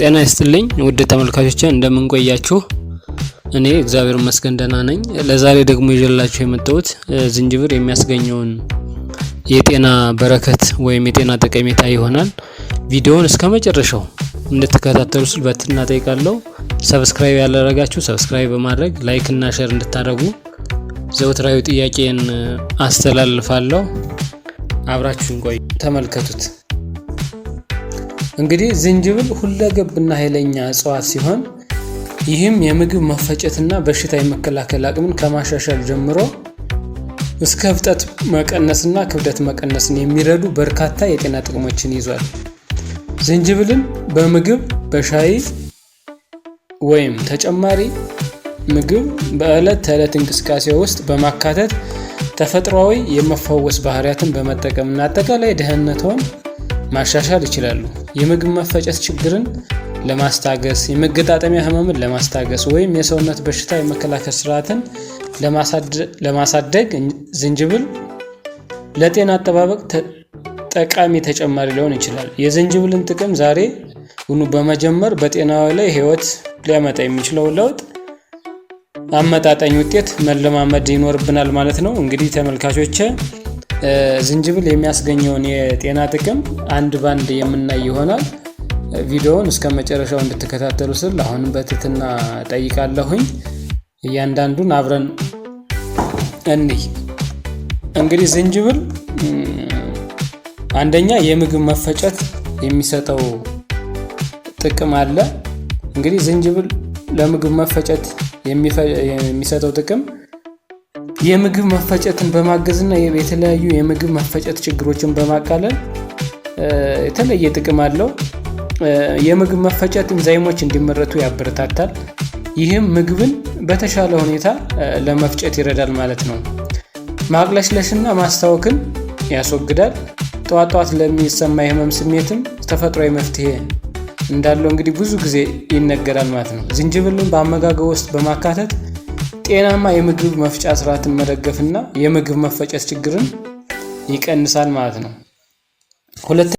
ጤና ይስጥልኝ ውድ ተመልካቾቼ፣ እንደምንቆያችሁ እኔ እግዚአብሔር መስገን ደህና ነኝ። ለዛሬ ደግሞ ይዤላችሁ የመጣሁት ዝንጅብር የሚያስገኘውን የጤና በረከት ወይም የጤና ጠቀሜታ ይሆናል። ቪዲዮውን እስከ መጨረሻው እንድትከታተሉ ስል በትና ጠይቃለሁ። ሰብስክራይብ ያላረጋችሁ ሰብስክራይብ በማድረግ ላይክ እና ሸር እንድታደረጉ ዘውትራዊ ጥያቄን አስተላልፋለሁ። አብራችሁን ቆዩ፣ ተመልከቱት። እንግዲህ ዝንጅብል ሁለገብና ኃይለኛ እጽዋት ሲሆን ይህም የምግብ መፈጨትና በሽታ የመከላከል አቅምን ከማሻሻል ጀምሮ እስከ እብጠት መቀነስና ክብደት መቀነስን የሚረዱ በርካታ የጤና ጥቅሞችን ይዟል። ዝንጅብልን በምግብ በሻይ ወይም ተጨማሪ ምግብ በዕለት ተዕለት እንቅስቃሴ ውስጥ በማካተት ተፈጥሯዊ የመፈወስ ባህሪያትን በመጠቀምና አጠቃላይ ደህንነትን ማሻሻል ይችላሉ። የምግብ መፈጨት ችግርን ለማስታገስ፣ የመገጣጠሚያ ህመምን ለማስታገስ ወይም የሰውነት በሽታ የመከላከል ስርዓትን ለማሳደግ ዝንጅብል ለጤና አጠባበቅ ጠቃሚ ተጨማሪ ሊሆን ይችላል። የዝንጅብልን ጥቅም ዛሬ ሁኑ በመጀመር በጤና ላይ ህይወት ሊያመጣ የሚችለው ለውጥ አመጣጣኝ ውጤት መለማመድ ይኖርብናል ማለት ነው። እንግዲህ ተመልካቾቼ ዝንጅብል የሚያስገኘውን የጤና ጥቅም አንድ ባንድ የምናይ ይሆናል። ቪዲዮውን እስከ መጨረሻው እንድትከታተሉ ስል አሁንም በትህትና ጠይቃለሁኝ። እያንዳንዱን አብረን እንይ። እንግዲህ ዝንጅብል አንደኛ የምግብ መፈጨት የሚሰጠው ጥቅም አለ። እንግዲህ ዝንጅብል ለምግብ መፈጨት የሚሰጠው ጥቅም የምግብ መፈጨትን በማገዝና የተለያዩ የምግብ መፈጨት ችግሮችን በማቃለል የተለየ ጥቅም አለው። የምግብ መፈጨት ኢንዛይሞች እንዲመረቱ ያበረታታል። ይህም ምግብን በተሻለ ሁኔታ ለመፍጨት ይረዳል ማለት ነው። ማቅለሽለሽና ማስታወክን ያስወግዳል። ጠዋት ጠዋት ለሚሰማ የህመም ስሜትም ተፈጥሯዊ መፍትሄ እንዳለው እንግዲህ ብዙ ጊዜ ይነገራል ማለት ነው። ዝንጅብልን በአመጋገብ ውስጥ በማካተት ጤናማ የምግብ መፍጫ ስርዓትን መደገፍና የምግብ መፈጨት ችግርን ይቀንሳል ማለት ነው። ሁለተኛ